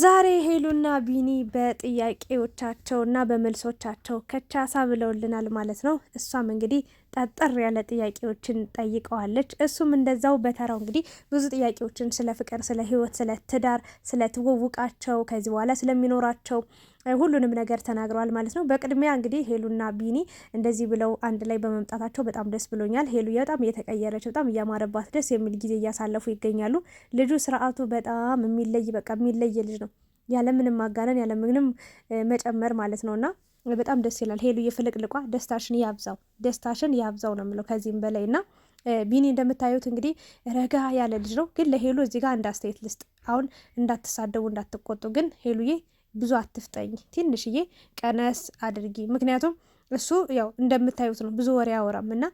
ዛሬ ሄሉና ቢኒ በጥያቄዎቻቸው እና በመልሶቻቸው ከቻሳ ብለውልናል ማለት ነው። እሷም እንግዲህ ጠጠር ያለ ጥያቄዎችን ጠይቀዋለች። እሱም እንደዛው በተራው እንግዲህ ብዙ ጥያቄዎችን ስለ ፍቅር፣ ስለ ህይወት ስለ ትዳር፣ ስለ ትውውቃቸው ከዚህ በኋላ ስለሚኖራቸው ሁሉንም ነገር ተናግረዋል ማለት ነው። በቅድሚያ እንግዲህ ሄሉና ቢኒ እንደዚህ ብለው አንድ ላይ በመምጣታቸው በጣም ደስ ብሎኛል። ሄሉ በጣም እየተቀየረች በጣም እያማረባት ደስ የሚል ጊዜ እያሳለፉ ይገኛሉ። ልጁ ስርዓቱ በጣም የሚለይ በቃ የሚለይ ልጅ ነው፣ ያለምንም ማጋነን ያለምንም መጨመር ማለት እና በጣም ደስ ይላል። ሄሉ የፍልቅልቋ ደስታሽን ያብዛው፣ ደስታሽን ያብዛው ነው የምለው ከዚህም በላይ እና ቢኒ እንደምታዩት እንግዲህ ረጋ ያለ ልጅ ነው። ግን ለሄሉ እዚህ ጋር እንዳስተያየት ልስጥ። አሁን እንዳትሳደቡ እንዳትቆጡ፣ ግን ሄሉዬ ብዙ አትፍጠኝ፣ ትንሽዬ ቀነስ አድርጊ። ምክንያቱም እሱ ያው እንደምታዩት ነው፣ ብዙ ወሬ አወራም እና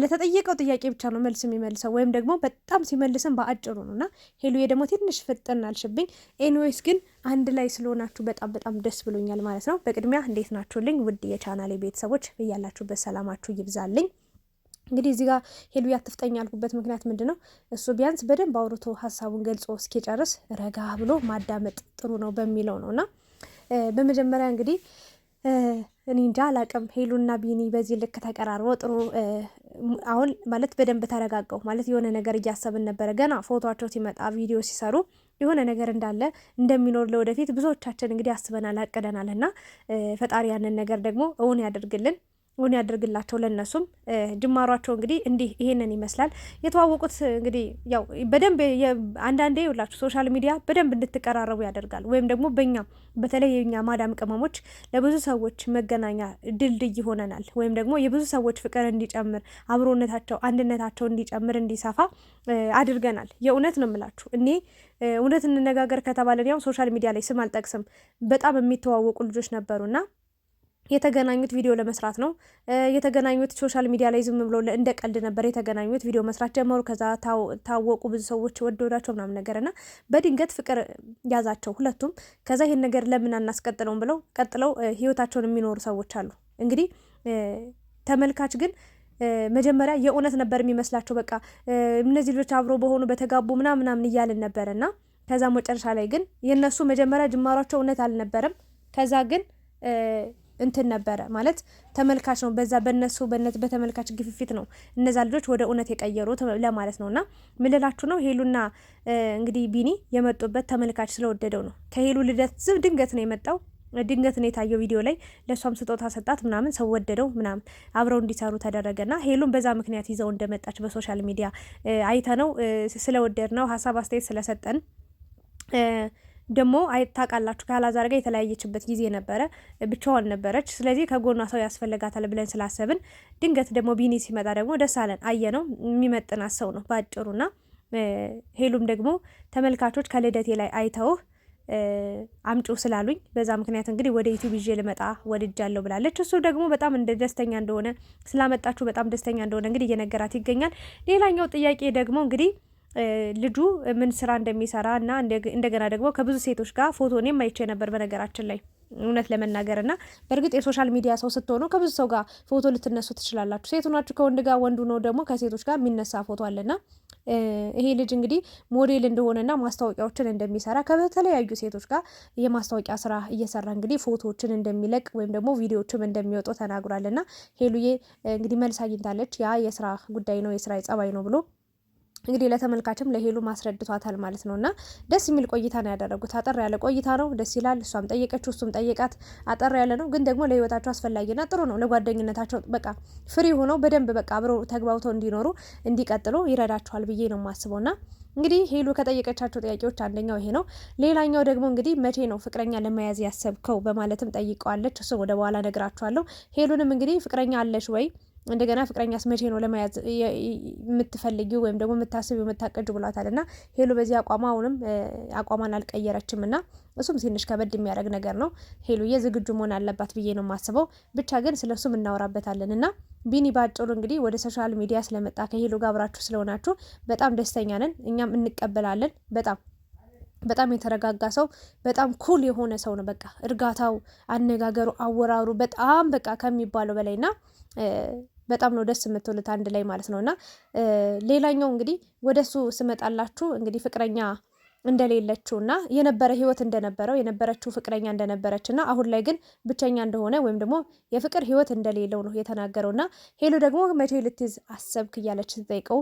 ለተጠየቀው ጥያቄ ብቻ ነው መልስ የሚመልሰው፣ ወይም ደግሞ በጣም ሲመልስም በአጭሩ ነው እና ሄሉዬ ደግሞ ትንሽ ፍጥን አልሽብኝ። ኤንዌይስ ግን አንድ ላይ ስለሆናችሁ በጣም በጣም ደስ ብሎኛል ማለት ነው። በቅድሚያ እንዴት ናችሁልኝ ውድ የቻናሌ ቤተሰቦች? እያላችሁበት ሰላማችሁ ይብዛልኝ። እንግዲህ እዚህ ጋር ሄሉ ያትፍጠኝ ያልኩበት ምክንያት ምንድን ነው? እሱ ቢያንስ በደንብ አውርቶ ሀሳቡን ገልጾ እስኪጨርስ ረጋ ብሎ ማዳመጥ ጥሩ ነው በሚለው ነው እና በመጀመሪያ እንግዲህ እኔ እንጃ አላቅም። ሄሉና ቢኒ በዚህ ልክ ተቀራርበው ጥሩ አሁን ማለት በደንብ ተረጋጋው ማለት የሆነ ነገር እያሰብን ነበረ። ገና ፎቶቸው ሲመጣ ቪዲዮ ሲሰሩ የሆነ ነገር እንዳለ እንደሚኖር ለወደፊት ብዙዎቻችን እንግዲህ አስበናል አቅደናል እና ፈጣሪ ያንን ነገር ደግሞ እውን ያደርግልን። እውን ያደርግላቸው ለነሱም ጅማሯቸው እንግዲህ እንዲህ ይሄንን ይመስላል። የተዋወቁት እንግዲህ ያው በደንብ አንዳንዴ ይውላችሁ ሶሻል ሚዲያ በደንብ እንድትቀራረቡ ያደርጋል። ወይም ደግሞ በእኛ በተለይ የኛ ማዳም ቅመሞች ለብዙ ሰዎች መገናኛ ድልድይ ይሆነናል። ወይም ደግሞ የብዙ ሰዎች ፍቅር እንዲጨምር፣ አብሮነታቸው፣ አንድነታቸው እንዲጨምር፣ እንዲሰፋ አድርገናል። የእውነት ነው የምላችሁ እኔ እውነት እንነጋገር ከተባለን ያው ሶሻል ሚዲያ ላይ ስም አልጠቅስም በጣም የሚተዋወቁ ልጆች ነበሩና የተገናኙት ቪዲዮ ለመስራት ነው የተገናኙት። ሶሻል ሚዲያ ላይ ዝም ብሎ እንደ ቀልድ ነበር የተገናኙት። ቪዲዮ መስራት ጀመሩ። ከዛ ታወቁ፣ ብዙ ሰዎች ወደዳቸው ምናምን ነገር እና በድንገት ፍቅር ያዛቸው ሁለቱም። ከዛ ይሄን ነገር ለምን አናስቀጥለውም ብለው ቀጥለው ህይወታቸውን የሚኖሩ ሰዎች አሉ። እንግዲህ ተመልካች ግን መጀመሪያ የእውነት ነበር የሚመስላቸው። በቃ እነዚህ ልጆች አብሮ በሆኑ በተጋቡ ምናምን ምናምን እያልን ነበር እና ከዛ መጨረሻ ላይ ግን የእነሱ መጀመሪያ ጅማሯቸው እውነት አልነበረም። ከዛ ግን እንትን ነበረ ማለት ተመልካች ነው። በዛ በነሱ በነት በተመልካች ግፊፊት ነው እነዛ ልጆች ወደ እውነት የቀየሩት ለማለት ነው። እና ምልላችሁ ነው ሄሉና እንግዲህ ቢኒ የመጡበት ተመልካች ስለወደደው ነው። ከሄሉ ልደት ዝም ድንገት ነው የመጣው ድንገት ነው የታየው ቪዲዮ ላይ ለእሷም ስጦታ ሰጣት ምናምን ሰው ወደደው ምናምን አብረው እንዲሰሩ ተደረገና ሄሉን በዛ ምክንያት ይዘው እንደመጣች በሶሻል ሚዲያ አይተነው ስለወደድ ነው ሀሳብ አስተያየት ስለሰጠን ደግሞ አይታቃላችሁ ካላዛር ጋር የተለያየችበት ጊዜ ነበረ፣ ብቻዋን ነበረች። ስለዚህ ከጎኗ ሰው ያስፈልጋታል ብለን ስላሰብን ድንገት ደግሞ ቢኒ ሲመጣ ደግሞ ደስ አለን። አየ ነው የሚመጥናት ሰው ነው ባጭሩና ሄሉም ደግሞ ተመልካቾች ከልደቴ ላይ አይተው አምጪው ስላሉኝ በዛ ምክንያት እንግዲህ ወደ ዩቲዩብ ይዤ ልመጣ ወድጃለሁ ብላለች። እሱ ደግሞ በጣም እንደ ደስተኛ እንደሆነ ስላመጣችሁ በጣም ደስተኛ እንደሆነ እንግዲህ እየነገራት ይገኛል። ሌላኛው ጥያቄ ደግሞ እንግዲህ ልጁ ምን ስራ እንደሚሰራ እና እንደገና ደግሞ ከብዙ ሴቶች ጋር ፎቶ እኔም አይቼ ነበር በነገራችን ላይ እውነት ለመናገር እና በእርግጥ የሶሻል ሚዲያ ሰው ስትሆኑ ከብዙ ሰው ጋር ፎቶ ልትነሱ ትችላላችሁ። ሴቱ ናችሁ ከወንድ ጋር፣ ወንዱ ነው ደግሞ ከሴቶች ጋር የሚነሳ ፎቶ አለና ይሄ ልጅ እንግዲህ ሞዴል እንደሆነና ማስታወቂያዎችን እንደሚሰራ ከተለያዩ ሴቶች ጋር የማስታወቂያ ስራ እየሰራ እንግዲህ ፎቶዎችን እንደሚለቅ ወይም ደግሞ ቪዲዮዎችም እንደሚወጡ ተናግሯል። እና ሄሉዬ እንግዲህ መልስ አግኝታለች። ያ የስራ ጉዳይ ነው የስራ ጸባይ ነው ብሎ እንግዲህ ለተመልካችም ለሄሉ ማስረድቷታል ማለት ነው። እና ደስ የሚል ቆይታ ነው ያደረጉት። አጠር ያለ ቆይታ ነው፣ ደስ ይላል። እሷም ጠየቀችው፣ እሱም ጠየቃት። አጠር ያለ ነው፣ ግን ደግሞ ለህይወታቸው አስፈላጊና ጥሩ ነው። ለጓደኝነታቸው በቃ ፍሪ ሆነው በደንብ በቃ አብረው ተግባብተው እንዲኖሩ እንዲቀጥሉ ይረዳቸዋል ብዬ ነው የማስበው እና እንግዲህ ሄሉ ከጠየቀቻቸው ጥያቄዎች አንደኛው ይሄ ነው። ሌላኛው ደግሞ እንግዲህ መቼ ነው ፍቅረኛ ለመያዝ ያሰብከው በማለትም ጠይቀዋለች። እሱን ወደ በኋላ ነግራችኋለሁ። ሄሉንም እንግዲህ ፍቅረኛ አለሽ ወይ እንደገና ፍቅረኛስ መቼ ነው ለመያዝ የምትፈልጊው ወይም ደግሞ የምታስቢው የምታቀጁ ብሏታል። እና ሄሉ በዚህ አቋማ አሁንም አቋማን አልቀየረችም እና እሱም ትንሽ ከበድ የሚያደርግ ነገር ነው። ሄሉዬ ዝግጁ መሆን አለባት ብዬ ነው የማስበው። ብቻ ግን ስለ እሱም እናወራበታለን እና ቢኒ ባጭሩ እንግዲህ ወደ ሶሻል ሚዲያ ስለመጣ ከሄሉ ጋር አብራችሁ ስለሆናችሁ በጣም ደስተኛ ነን፣ እኛም እንቀበላለን። በጣም በጣም የተረጋጋ ሰው፣ በጣም ኩል የሆነ ሰው ነው። በቃ እርጋታው፣ አነጋገሩ፣ አወራሩ በጣም በቃ ከሚባለው በላይ ና። በጣም ነው ደስ የምትውሉት አንድ ላይ ማለት ነው። እና ሌላኛው እንግዲህ ወደሱ ስመጣላችሁ እንግዲህ ፍቅረኛ እንደሌለችው እና የነበረ ህይወት እንደነበረው የነበረችው ፍቅረኛ እንደነበረች እና አሁን ላይ ግን ብቸኛ እንደሆነ ወይም ደግሞ የፍቅር ህይወት እንደሌለው ነው የተናገረው። እና ሄሎ ደግሞ መቼ ልትይዝ አሰብክ እያለች ስትጠይቀው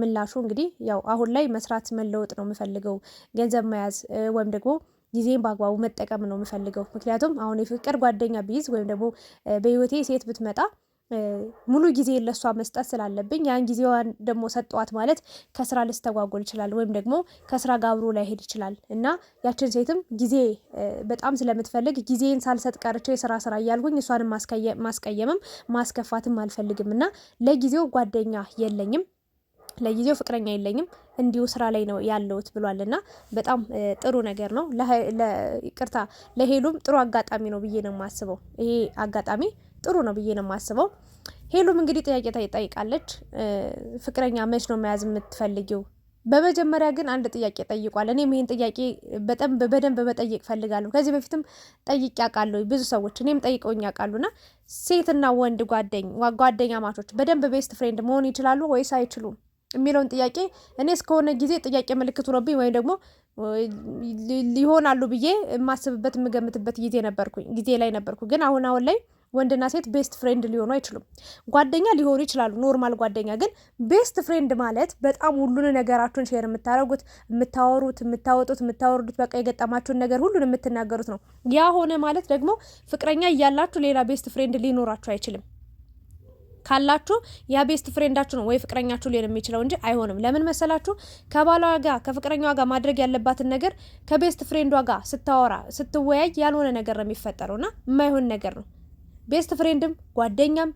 ምላሹ እንግዲህ ያው አሁን ላይ መስራት መለወጥ ነው የምፈልገው፣ ገንዘብ መያዝ ወይም ደግሞ ጊዜን በአግባቡ መጠቀም ነው የምፈልገው። ምክንያቱም አሁን የፍቅር ጓደኛ ቢይዝ ወይም ደግሞ በህይወቴ ሴት ብትመጣ ሙሉ ጊዜ ለሷ መስጠት ስላለብኝ ያን ጊዜዋን ደግሞ ሰጠዋት ማለት ከስራ ልስተጓጎል ይችላል፣ ወይም ደግሞ ከስራ ጋር አብሮ ላይሄድ ይችላል እና ያችን ሴትም ጊዜ በጣም ስለምትፈልግ ጊዜን ሳልሰጥ ቀርቼ የስራ ስራ እያልኩኝ እሷንም ማስቀየምም ማስከፋትም አልፈልግም እና ለጊዜው ጓደኛ የለኝም ለጊዜው ፍቅረኛ የለኝም እንዲሁ ስራ ላይ ነው ያለውት ብሏል። እና በጣም ጥሩ ነገር ነው። ይቅርታ ለሄሉም ጥሩ አጋጣሚ ነው ብዬ ነው የማስበው ይሄ አጋጣሚ ጥሩ ነው ብዬ ነው የማስበው። ሄሉም እንግዲህ ጥያቄ ጠይቃለች። ፍቅረኛ መች ነው መያዝ የምትፈልጊው? በመጀመሪያ ግን አንድ ጥያቄ ጠይቋል። እኔም ይህን ጥያቄ በጣም በደንብ መጠየቅ ፈልጋለሁ። ከዚህ በፊትም ጠይቄ አውቃለሁ። ብዙ ሰዎች እኔም ጠይቀውኝ ያውቃሉና ሴትና ወንድ ጓደኝ ጓደኛ ማቾች በደንብ ቤስት ፍሬንድ መሆን ይችላሉ ወይስ አይችሉም የሚለውን ጥያቄ እኔ እስከሆነ ጊዜ ጥያቄ ምልክት ሆኖብኝ ወይም ደግሞ ይሆናሉ ብዬ የማስብበት የምገምትበት ጊዜ ነበርኩኝ ጊዜ ላይ ነበርኩ። ግን አሁን አሁን ላይ ወንድና ሴት ቤስት ፍሬንድ ሊሆኑ አይችሉም። ጓደኛ ሊሆኑ ይችላሉ፣ ኖርማል ጓደኛ። ግን ቤስት ፍሬንድ ማለት በጣም ሁሉን ነገራችሁን ሼር የምታደርጉት፣ የምታወሩት፣ የምታወጡት፣ የምታወርዱት፣ በቃ የገጠማችሁን ነገር ሁሉን የምትናገሩት ነው። ያ ሆነ ማለት ደግሞ ፍቅረኛ እያላችሁ ሌላ ቤስት ፍሬንድ ሊኖራችሁ አይችልም። ካላችሁ ያ ቤስት ፍሬንዳችሁ ነው ወይ ፍቅረኛችሁ ሊሆን የሚችለው እንጂ አይሆንም። ለምን መሰላችሁ? ከባሏ ጋር ከፍቅረኛዋ ጋር ማድረግ ያለባትን ነገር ከቤስት ፍሬንዷ ጋር ስታወራ ስትወያይ ያልሆነ ነገር ነው የሚፈጠረውና የማይሆን ነገር ነው። ቤስት ፍሬንድም ጓደኛም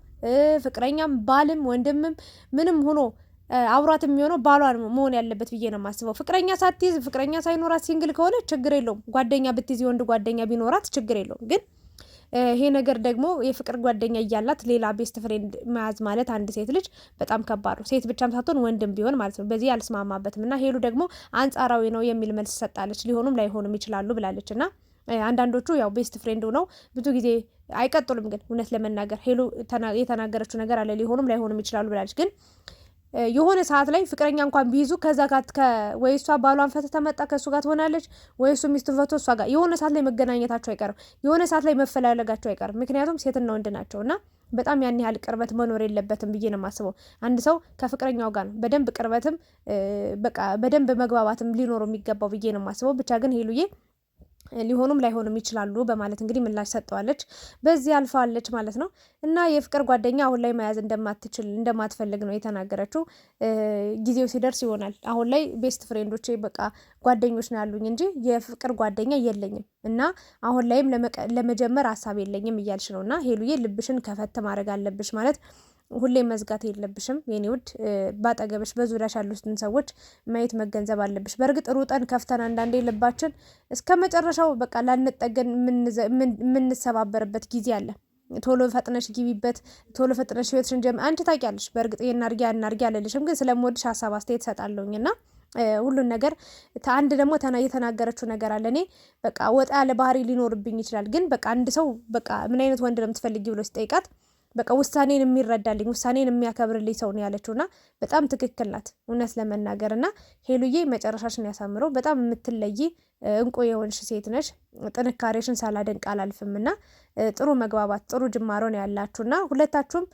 ፍቅረኛም ባልም ወንድምም ምንም ሆኖ አብሯት የሚሆነው ባሏ መሆን ያለበት ብዬ ነው የማስበው። ፍቅረኛ ሳትይዝ ፍቅረኛ ሳይኖራት ሲንግል ከሆነ ችግር የለውም። ጓደኛ ብትይዝ የወንድ ጓደኛ ቢኖራት ችግር የለውም። ግን ይሄ ነገር ደግሞ የፍቅር ጓደኛ እያላት ሌላ ቤስት ፍሬንድ መያዝ ማለት አንድ ሴት ልጅ በጣም ከባድ ነው። ሴት ብቻም ሳትሆን ወንድም ቢሆን ማለት ነው። በዚህ አልስማማበትም እና ሄሉ ደግሞ አንጻራዊ ነው የሚል መልስ ሰጣለች። ሊሆኑም ላይሆኑም ይችላሉ ብላለች እና አንዳንዶቹ ያው ቤስት ፍሬንድ ነው ብዙ ጊዜ አይቀጥሉም። ግን እውነት ለመናገር ሄሎ የተናገረችው ነገር አለ ሊሆኑም ላይሆኑም ይችላሉ ብላለች። ግን የሆነ ሰዓት ላይ ፍቅረኛ እንኳን ቢይዙ ከዛ ጋር ወይ እሷ ባሏን ፈተ ተመጣ ከእሱ ጋር ትሆናለች፣ ወይ እሱ ሚስቱን ፈቶ እሷ ጋር የሆነ ሰዓት ላይ መገናኘታቸው አይቀርም። የሆነ ሰዓት ላይ መፈላለጋቸው አይቀርም። ምክንያቱም ሴትና ወንድ ናቸው እና በጣም ያን ያህል ቅርበት መኖር የለበትም ብዬ ነው የማስበው። አንድ ሰው ከፍቅረኛው ጋር ነው በደንብ ቅርበትም በቃ በደንብ መግባባትም ሊኖረው የሚገባው ብዬ ነው የማስበው። ብቻ ግን ሄሉዬ ሊሆኑም ላይሆኑም ይችላሉ በማለት እንግዲህ ምላሽ ሰጠዋለች። በዚህ አልፋለች ማለት ነው እና የፍቅር ጓደኛ አሁን ላይ መያዝ እንደማትችል እንደማትፈልግ ነው የተናገረችው። ጊዜው ሲደርስ ይሆናል። አሁን ላይ ቤስት ፍሬንዶች በቃ ጓደኞች ነው ያሉኝ እንጂ የፍቅር ጓደኛ የለኝም እና አሁን ላይም ለመጀመር ሀሳብ የለኝም እያልሽ ነው እና ሄሉዬ ልብሽን ከፈት ማድረግ አለብሽ ማለት ሁሌ መዝጋት የለብሽም የኔ ውድ። ባጠገብሽ በዙሪያሽ ያሉትን ሰዎች ማየት መገንዘብ አለብሽ። በእርግጥ ሩጠን ከፍተን አንዳንዴ ልባችን እስከ መጨረሻው በቃ ላንጠገን የምንሰባበርበት ጊዜ አለ። ቶሎ ፈጥነሽ ግቢበት፣ ቶሎ ፈጥነሽ ህይወትሽን ጀምሪ። አንቺ ታውቂያለሽ። በእርግጥ ይሄን አድርጊ ያን አድርጊ አልልሽም፣ ግን ስለምወድሽ ሀሳብ አስተያየት እሰጣለሁኝ እና ሁሉን ነገር አንድ ደግሞ የተናገረችው ነገር አለ። እኔ በቃ ወጣ ያለ ባህሪ ሊኖርብኝ ይችላል፣ ግን በቃ አንድ ሰው በቃ ምን አይነት ወንድ ነው የምትፈልጊ ብሎ ሲጠይቃት በቃ ውሳኔን የሚረዳልኝ ውሳኔን የሚያከብርልኝ ሰው ነው ያለችው እና በጣም ትክክል ናት እውነት ለመናገር እና ሄሉዬ መጨረሻሽን ያሳምረው። በጣም የምትለይ እንቁ የሆንሽ ሴት ነሽ። ጥንካሬሽን ሳላደንቅ አላልፍም እና ጥሩ መግባባት ጥሩ ጅማሮ ነው ያላችሁ እና ሁለታችሁም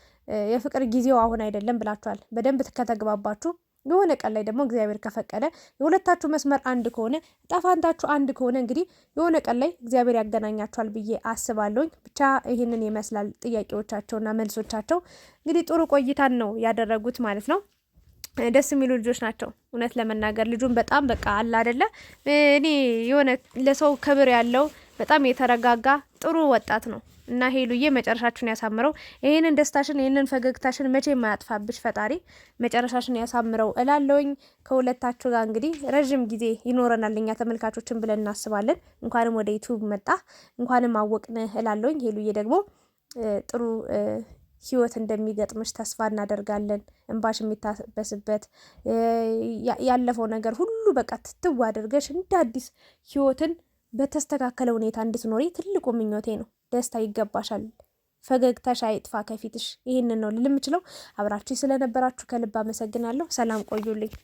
የፍቅር ጊዜው አሁን አይደለም ብላችኋል። በደንብ ከተግባባችሁ የሆነ ቀን ላይ ደግሞ እግዚአብሔር ከፈቀደ የሁለታችሁ መስመር አንድ ከሆነ ጣፋንታችሁ አንድ ከሆነ እንግዲህ የሆነ ቀን ላይ እግዚአብሔር ያገናኛችኋል ብዬ አስባለሁኝ። ብቻ ይህንን ይመስላል ጥያቄዎቻቸውና መልሶቻቸው። እንግዲህ ጥሩ ቆይታን ነው ያደረጉት ማለት ነው። ደስ የሚሉ ልጆች ናቸው። እውነት ለመናገር ልጁን በጣም በቃ አለ አደለ፣ እኔ የሆነ ለሰው ክብር ያለው በጣም የተረጋጋ ጥሩ ወጣት ነው። እና ሄሉዬ መጨረሻችን ያሳምረው። ይህንን ደስታሽን ይህንን ፈገግታሽን መቼ ማያጥፋብሽ ፈጣሪ መጨረሻሽን ያሳምረው እላለውኝ። ከሁለታችሁ ጋር እንግዲህ ረዥም ጊዜ ይኖረናል እኛ ተመልካቾችን ብለን እናስባለን። እንኳንም ወደ ዩቱብ መጣ እንኳንም አወቅን እላለውኝ። ሄሉዬ ደግሞ ጥሩ ህይወት እንደሚገጥምሽ ተስፋ እናደርጋለን። እንባሽ የሚታበስበት ያለፈው ነገር ሁሉ በቃ ትትው አድርገሽ እንደ አዲስ ህይወትን በተስተካከለ ሁኔታ እንድትኖሪ ትልቁ ምኞቴ ነው። ደስታ ይገባሻል። ፈገግታሽ አይጥፋ ከፊትሽ። ይህንን ነው ልል የምችለው። አብራችሁ ስለነበራችሁ ከልብ አመሰግናለሁ። ሰላም ቆዩልኝ።